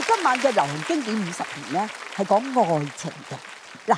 今晚嘅流行經典五十年咧，係講愛情嘅。嗱，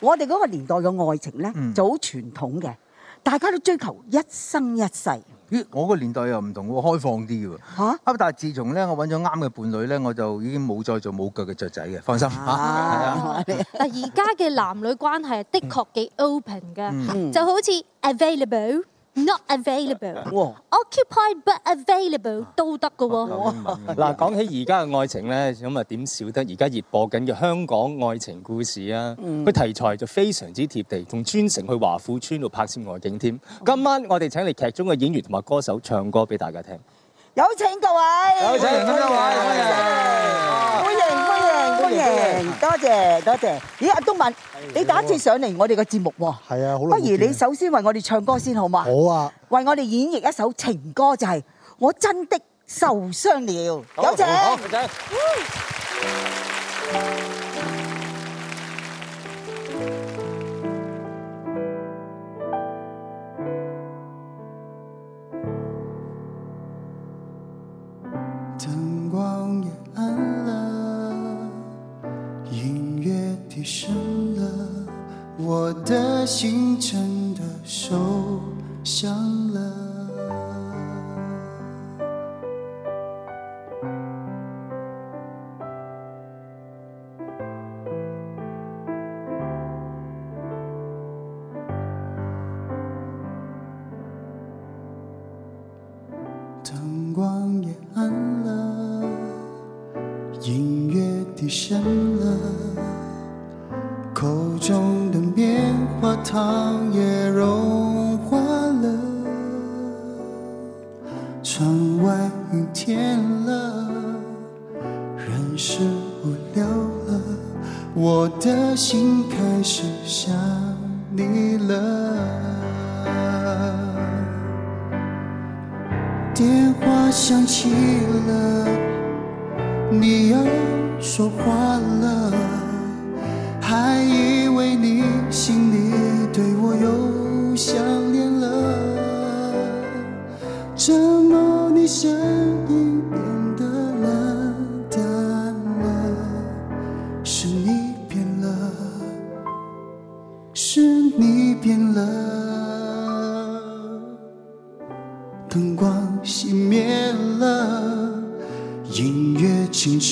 我哋嗰個年代嘅愛情咧就好傳統嘅，大家都追求一生一世。咦，我個年代又唔同喎，開放啲嘅喎。嚇！咁但係自從咧，我揾咗啱嘅伴侶咧，我就已經冇再做冇腳嘅雀仔嘅，放心嚇。嗱，而家嘅男女關係啊，的確幾 open 嘅，就好似 available。Not available. Occupied but available、啊、都得嘅喎。嗱，講起而家嘅愛情咧，咁啊點少得？而家熱播緊嘅香港愛情故事啊，佢、嗯、題材就非常之貼地，仲專程去華富村度拍攝外景添、嗯。今晚我哋請嚟劇中嘅演員同埋歌手唱歌俾大家聽，有請各位，有請各位，歡迎，歡迎。多謝多謝多謝，咦，阿東閔，你第一次上嚟我哋個節目喎，係啊，好。不如你首先為我哋唱歌先好嘛？好啊，為我哋演繹一首情歌就係《我真的受傷了》，有請。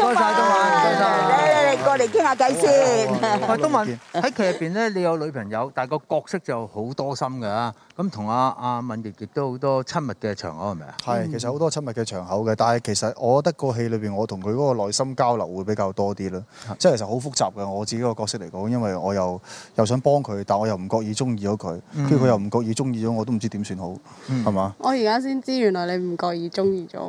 多謝東閔，你、嗯、你，你，你，你過嚟傾下偈先。喂，東閔喺劇入邊咧，你有女朋友，但係個角色就好多心㗎。咁同阿阿敏奕亦都好多親密嘅場口係咪啊？係，其實好多親密嘅場口嘅，但係其實我覺得個戲裏邊，我同佢嗰個內心交流會比較多啲咯。即係其實好複雜嘅，我自己個角色嚟講，因為我又又想幫佢，但我又唔覺意中意咗佢，跟住佢又唔覺意中意咗我，都唔知點算好，係、嗯、嘛？我而家先知，原來你唔覺意中意咗。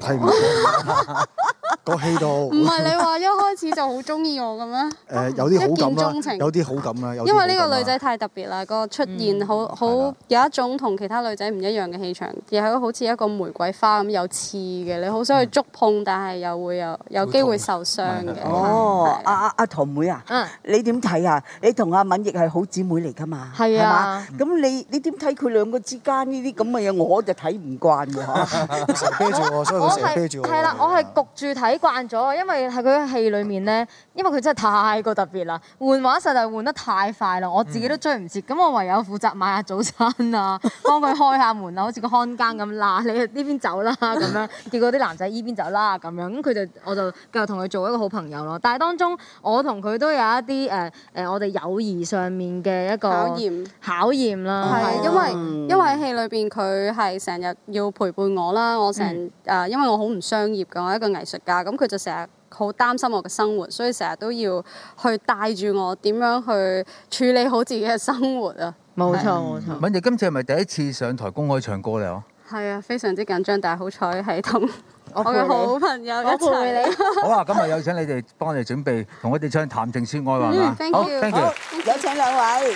個氣度唔係你話一開始就好中意我嘅咩？誒、呃，有啲好感啦，有啲好感啦。因為呢個女仔太特別啦，個出現好好、嗯、有一種同其他女仔唔一樣嘅氣場，又好似一個玫瑰花咁有刺嘅，你好想去觸碰，嗯、但係又會有有機會受傷嘅。哦，阿阿阿堂妹啊，嗯、你點睇啊？你同阿敏亦係好姊妹嚟噶嘛？係啊，咁你你點睇佢兩個之間呢啲咁嘅嘢？我就睇唔慣嘅吓，我我係啦，我係焗住。睇慣咗，因為喺佢嘅戲裏面咧，因為佢真係太過特別啦，換畫實在係換得太快啦，我自己都追唔切，咁、嗯、我唯有負責買下早餐啊， 幫佢開一下門啊，好似個看更咁，嗱 你呢邊走啦咁樣，結果啲男仔依邊走啦咁樣，咁佢就我就繼續同佢做一個好朋友咯。但係當中我同佢都有一啲誒誒，我哋友誼上面嘅一個考驗啦，考驗是哦、因為、嗯、因為喺戲裏邊佢係成日要陪伴我啦，我成誒、嗯呃，因為我好唔商業嘅，我一個藝術家啊！咁佢就成日好擔心我嘅生活，所以成日都要去帶住我點樣去處理好自己嘅生活啊！冇錯冇錯，敏哲今次係咪第一次上台公開唱歌咧？哦，係啊，非常之緊張，但係好彩係同我嘅好朋友一齊。好話、啊、今日有請你哋幫我哋準備，同我哋唱《談情說愛》嘛、嗯？好，有請兩位。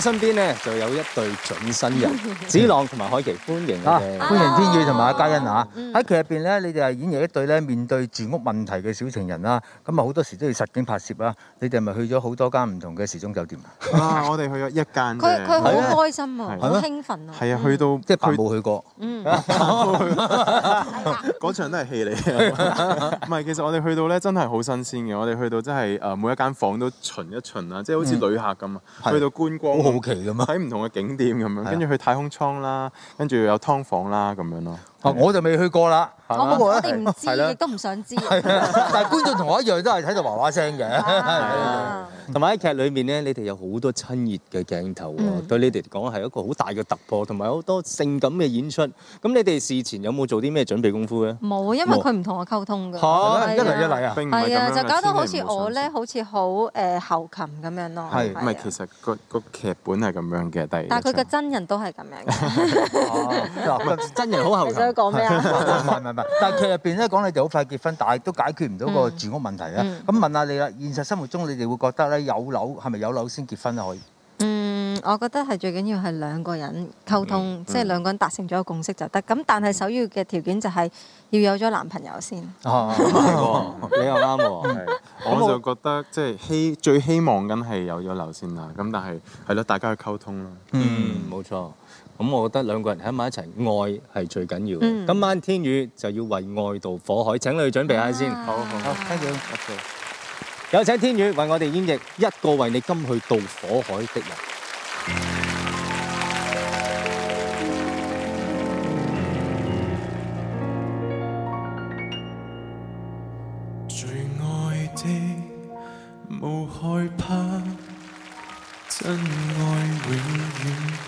我身邊咧就有一對準新人，子 朗同埋海琪，歡迎啊！歡迎天宇同埋阿嘉欣、Hello、啊！喺劇入邊咧，你哋係演繹一對咧面對住屋問題嘅小情人啦。咁、嗯、啊，好多時都要實景拍攝啦。你哋咪去咗好多間唔同嘅時鐘酒店啊！我哋去咗一間佢係好開心啊，好、啊啊、興奮啊！係啊，去到即係白冇去過，嗯，嗰 場都係戲嚟嘅。唔 係， 其實我哋去到咧真係好新鮮嘅。我哋去到真係誒每一間房都巡一巡啊，即、就、係、是、好似旅客咁啊、嗯，去到觀光。好奇咁嘛？喺唔同嘅景點咁樣，跟住去太空艙啦，跟住有劏房啦咁樣咯。我就未去過啦。我我我哋唔知，亦都唔想知道。 但觀眾同我一樣 都係睇到嘩嘩聲嘅，同埋喺劇裏面咧，你哋有好多親熱嘅鏡頭喎、嗯，對你哋講係一個好大嘅突破，同埋好多性感嘅演出。咁你哋事前有冇做啲咩準備功夫咧？冇，因為佢唔同我溝通嘅。嚇、啊啊啊，一嚟一嚟啊！係啊，就搞到好似我咧，像我好似好誒喉擒咁樣咯。係，唔、啊啊、其實個個劇本係咁樣嘅，但係但係佢嘅真人都係咁樣嘅。 真人好喉擒。 講咩啊？唔係唔係唔係，但係劇入邊咧講你哋好快結婚，但係都解決唔到個住屋問題啊！咁、嗯嗯、問下你啦，現實生活中你哋會覺得咧，有樓係咪有樓先結婚可以？嗯，我覺得係最緊要係兩個人溝通，即係兩個人達成咗個共識就得。咁、嗯、但係首要嘅條件就係要有咗男朋友先。啊、 哦，你又啱、哦， 我就覺得即係希最希望咁係有咗樓先啦。咁但係係咯，大家去溝通咯。嗯，冇、嗯、錯。咁我覺得兩個人喺埋一齊，愛係最緊要。今晚天宇就要為愛渡火海，請你準備下先。好，天宇，有請天宇為我哋演繹一個為你甘去渡火海的人。最愛的，冇害怕，真愛。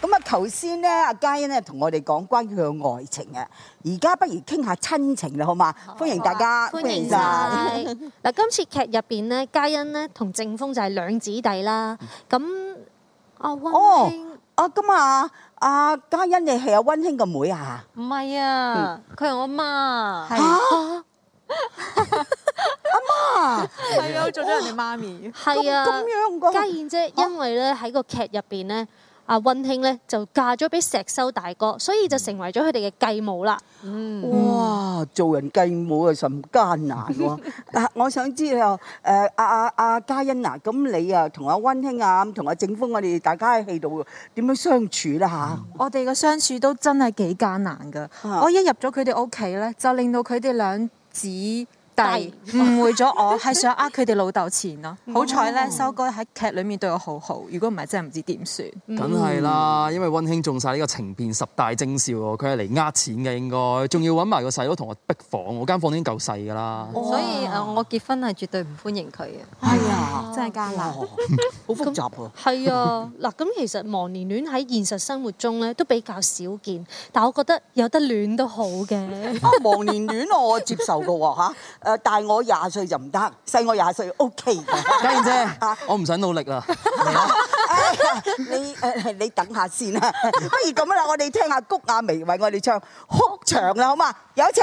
咁啊！頭先咧，阿嘉欣咧同我哋講關於佢嘅愛情啊，而家不如傾下親情啦，好嘛？歡迎大家，歡迎晒。嗱，今次劇入邊咧，嘉欣咧同正峰就係兩姊弟啦。咁阿温，啊咁啊，阿嘉欣你係阿溫馨嘅妹啊？唔係啊，佢係我媽。嚇！阿媽係啊，做咗人哋媽咪。係啊，咁樣噶嘉欣姐，因為咧喺個劇入邊咧。阿溫馨咧就嫁咗俾石修大哥，所以就成為咗佢哋嘅繼母啦。嗯，哇，做人繼母啊，甚艱難喎！我想知道，誒、啊，阿阿阿嘉欣啊，咁你啊同阿溫馨啊，同阿正峰我哋大家喺戲度點樣相處啦？啊？嚇、嗯，我哋嘅相處都真係幾艱難噶。 我一入咗佢哋屋企咧，就令到佢哋兩子。但係會咗我係 想呃佢哋老豆錢咯， 好彩咧、嗯，收哥喺劇裏面對我好好。如果唔係，真係唔知點算。梗係啦，因為温馨中晒呢個情片十大精笑，佢係嚟呃錢嘅應該，仲要揾埋個細佬同我逼房，我房間房已經夠細㗎啦。所以我結婚係絕對唔歡迎佢嘅。係啊，哎、呀真係加難，好、哦、複雜喎。係啊，嗱， 咁、啊、其實忘年戀喺現實生活中咧都比較少見，但係我覺得有得戀都好嘅。忘、 啊、年戀我接受嘅喎。誒大我廿歲就唔得，細我廿歲 OK。家燕姐，我唔使努力啦、哎。你誒，你等下先啦，不如咁啦，我哋聽下谷婭溦為我哋唱哭牆啦，好嘛？有請。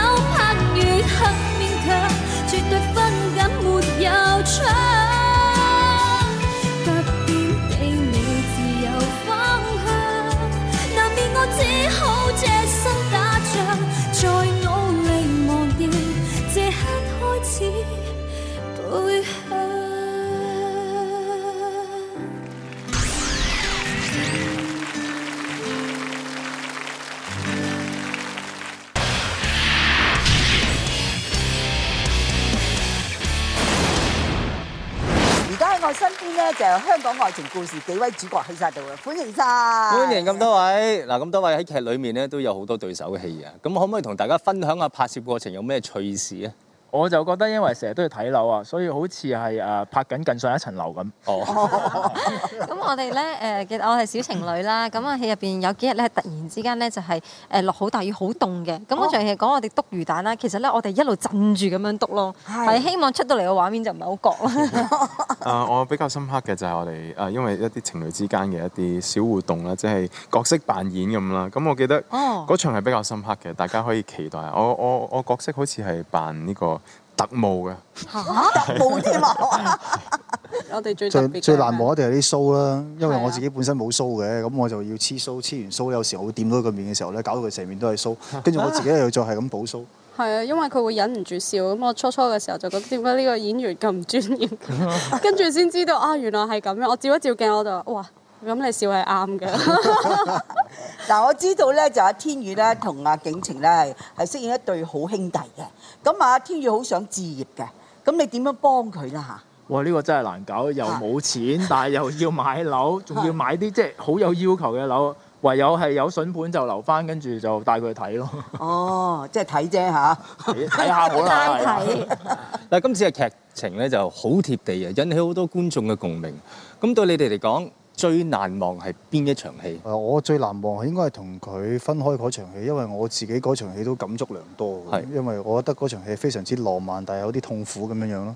就係、香港愛情故事幾位主角喺晒度啊！歡迎晒，歡迎咁多位。嗱，咁多位喺劇裏面咧都有好多對手嘅戲啊！咁可唔可以同大家分享下拍攝過程有咩趣事啊？我就覺得，因為成日都要睇樓啊，所以好似係誒拍緊更上一層樓咁。哦，咁 我哋咧誒，其、呃、實我係小情侶啦。咁啊，戲入邊有幾日咧，突然之間咧就係誒落好大雨，好凍嘅。咁嗰場係講我哋篤魚蛋啦。其實咧，我哋一路震住咁樣篤咯，係希望出到嚟嘅畫面就唔係好覺。啊 、呃，我比較深刻嘅就係我哋誒、呃，因為一啲情侶之間嘅一啲小互動啦，即、就、係、是、角色扮演咁啦。咁我記得嗰場係比較深刻嘅、哦，大家可以期待。我我我角色好似係扮呢、這個。特務嘅嚇、啊，特務添啊！ 我哋最最最難忘一定係啲鬚啦，因為我自己本身冇鬚嘅，咁我就要黐鬚，黐完鬚有時候我會掂到佢面嘅時候咧，搞到佢成面都係鬚，跟住我自己又再係咁補鬚。係啊，因為佢會忍唔住笑，咁我初初嘅時候就覺得點解呢個演員咁唔專業， 跟住先知道啊，原來係咁樣。我照一照鏡，我就話哇，咁你笑係啱嘅。但、 啊、我知道咧，就阿、啊、天宇咧同阿、啊、景程咧係係飾演一對好兄弟嘅。咁啊，天宇好想置業嘅，咁你點樣幫佢啦吓？哇！呢、呢個真係難搞，又冇錢，啊、但係又要買樓，仲 要買啲即係好有要求嘅樓，唯有係有筍盤就留翻，跟住就帶佢去睇咯。哦，即係睇啫吓？睇 下好啦，係 嗱， 今次嘅劇情咧就好貼地啊，引起好多觀眾嘅共鳴。咁對你哋嚟講，最難忘係邊一場戲？我最難忘係應該係同佢分開嗰場戲，因為我自己嗰場戲都感觸良多。係，因為我覺得嗰場戲非常之浪漫，但係有啲痛苦咁樣樣咯。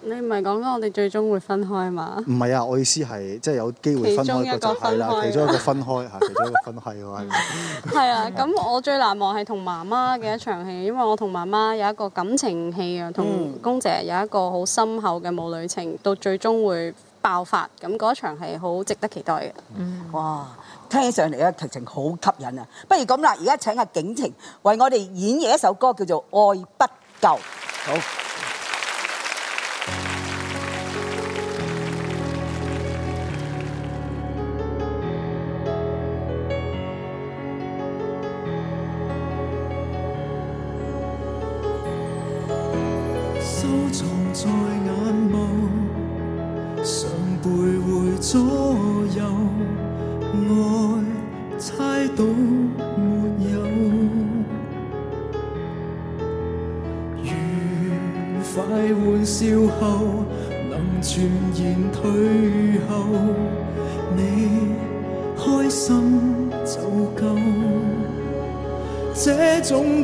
你唔係講緊我哋最終會分開嘛？唔係啊，我意思係即係有機會分開一個係啦，其中一個分開、啊、其中一個分開喎係。係 啊，咁我最難忘係同媽媽嘅一場戲，因為我同媽媽有一個感情戲啊，同公姐有一個好深厚嘅母女情，到最終會。爆發咁嗰場係好值得期待嘅、嗯，哇！聽起上嚟嘅劇情好吸引啊！不如咁啦，而家請阿景程為我哋演繹一首歌，叫做《愛不夠》。好。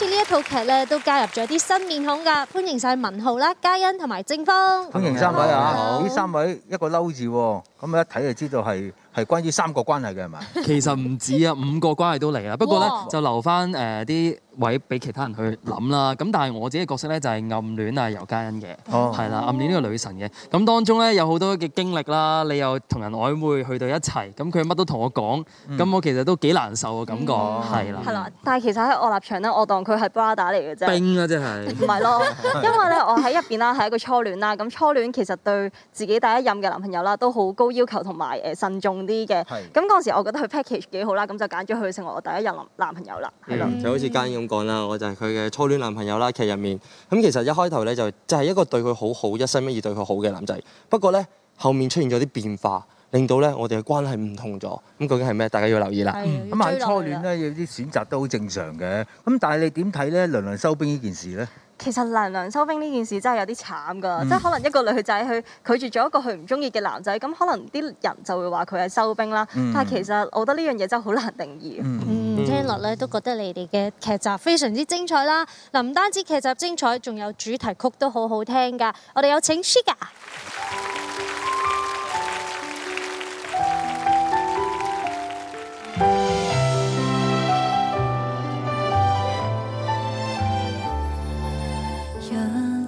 好似呢一套劇咧，都加入咗啲新面孔㗎，歡迎晒文浩啦、嘉欣同埋正峰。歡迎三位啊。呢三位一個嬲字喎。咁一睇就知道係係關於三個關係嘅係嘛？ 其實唔止啊，五個關係都嚟啦。不過咧就留翻誒啲位俾其他人去諗啦。咁但係我自己嘅角色咧就係暗戀啊，游嘉欣嘅，係、哦、啦，暗戀呢個女神嘅。咁當中咧有好多嘅經歷啦。你又同人曖昧去到一齊，咁佢乜都同我講，咁我其實都幾難受嘅感覺，係、嗯、啦。係啦、嗯，但係其實喺我立場咧，我當佢係 brother 嚟嘅啫。兵啊，真、就、係、是。唔係咯， 因為咧我喺入邊啦係一個初戀啦。咁初戀其實對自己第一任嘅男朋友啦都好高。要求同埋誒慎重啲嘅，咁嗰陣時我覺得佢 package 幾好啦，咁就揀咗佢成為我第一任男朋友啦。係啦、嗯，就好似嘉欣咁講啦，我就係佢嘅初戀男朋友啦。劇入面咁其實一開頭呢，就即係一個對佢好好、一心一意對佢好嘅男仔，不過呢，後面出現咗啲變化，令到呢我哋嘅關係唔同咗。咁究竟係咩？大家要留意啦。咁喺初戀呢，有啲選擇都好正常嘅，咁但係你點睇呢？涼涼收兵呢件事呢？其實難難收兵呢件事真係有啲慘噶，即係可能一個女仔去拒絕咗一個佢唔中意嘅男仔，咁可能啲人就會話佢係收兵啦。嗯、但係其實我覺得呢樣嘢真係好難定義，嗯嗯。嗯，聽落咧都覺得你哋嘅劇集非常之精彩啦。嗱，唔單止劇集精彩，仲有主題曲都好好聽噶。我哋有請 Sugar。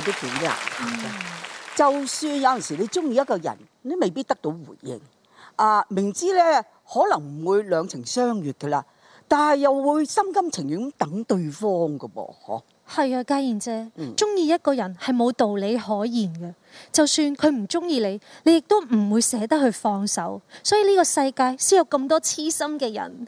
啲片啊，嗯、就算有陣時你中意一個人，你未必得到回應啊。明知咧，可能唔會兩情相悅噶啦，但係又會心甘情願咁等對方噶噃。嗬？係啊，嘉賢姐。中、嗯、意一個人係冇道理可言嘅。就算佢唔中意你，你亦都唔會捨得去放手。所以呢個世界先有咁多痴心嘅人。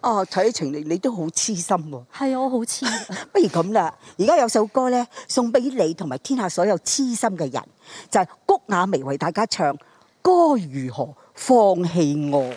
哦，睇情嚟你都好痴心喎。係啊，我好痴、啊。 不如咁啦，而家有首歌咧，送俾你同埋天下所有痴心嘅人，就係谷婭溦為大家唱《該如何放棄愛》。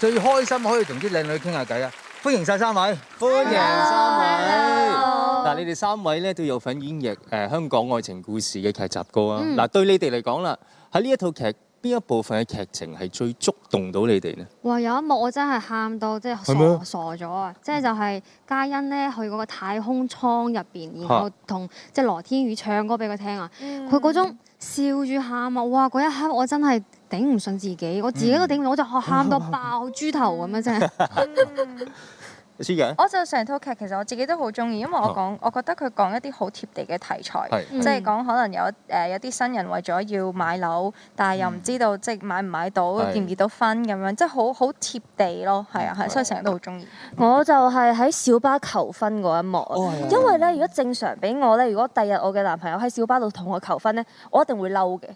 最開心可以同啲靚女傾下偈啊！歡迎晒三位，歡迎三位。嗱，你哋三位咧都有份演繹誒香港愛情故事嘅劇集歌啊！嗱、嗯，對你哋嚟講啦，喺呢一套劇邊一部分嘅劇情係最觸動到你哋呢？哇！有一幕我真係喊到即係傻係傻咗啊！即係就係嘉欣咧去嗰個太空艙入邊，然後同即係羅天宇唱歌俾佢聽啊！佢、嗯、嗰種笑住喊啊！哇！嗰一刻我真係～頂唔順自己，我自己都頂唔到、嗯，我就喊到爆豬頭咁樣真係。 我就成套劇其實我自己都好中意，因為我講，哦、我覺得佢講一啲好貼地嘅題材，即、嗯、係、就是、講可能有誒、呃、有啲新人為咗要買樓，但係又唔知道、嗯、即係買唔買到，結唔結到婚咁樣，即係好好貼地咯，係啊係，所以成日都好中意。我就係喺小巴求婚嗰一幕，哎、因為咧，如果正常俾我咧，如果第日我嘅男朋友喺小巴度同我求婚咧，我一定會嬲嘅。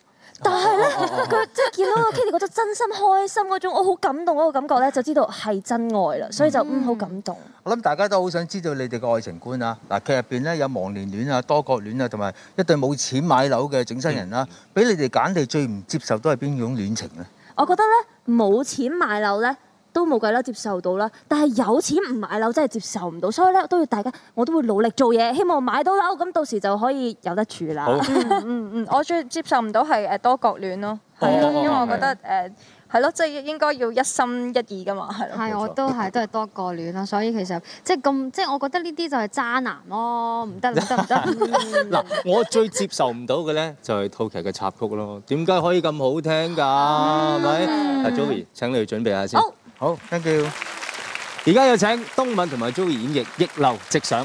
但係咧，佢即係見到個 Kitty 覺得真心開心嗰種，我、 哦、好感動嗰個感覺咧，就知道係真愛啦，所以就嗯好感動。嗯、我諗大家都好想知道你哋嘅愛情觀啊！嗱，劇入邊咧有忘年戀啊、多角戀啊，同埋一對冇錢買樓嘅準新人啦，俾、嗯、你哋揀，地最唔接受都係邊種戀情咧？我覺得咧，冇錢買樓咧。都冇計啦，接受到啦。但係有錢唔買樓真係接受唔到，所以咧都要大家，我都會努力做嘢，希望買到樓，咁到時就可以有得住啦、 嗯。嗯嗯我最接受唔到係誒多角戀咯、哦，因為我覺得誒係咯，即係應該要一心一意噶嘛，係咯。我都係都係多角戀啦，所以其實即係咁，即係我覺得呢啲就係渣男咯，唔得唔得唔得。嗱，不 不行 我最接受唔到嘅咧就係套劇嘅插曲咯，點解可以咁好聽㗎？係、嗯、咪？阿 Joey，請你去準備一下先。好，thank you。而家有請東閔同埋 Joey 演繹逆流直上。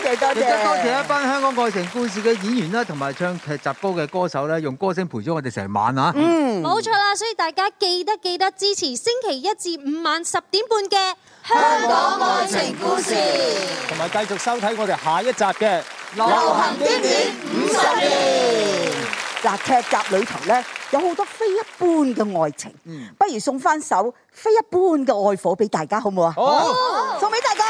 多謝多謝，謝，謝，謝一班香港愛情故事嘅演員啦，同埋唱劇集歌嘅歌手咧，用歌聲陪咗我哋成晚啊！嗯，冇錯啦，所以大家記得記得支持星期一至五晚十點半嘅香港愛情故事，同埋繼續收睇我哋下一集嘅流行經典五十年。嗱，劇集裏頭咧，有好多非一般嘅愛情，不如送翻首非一般嘅愛火俾大家，好唔好啊？好，送俾大家。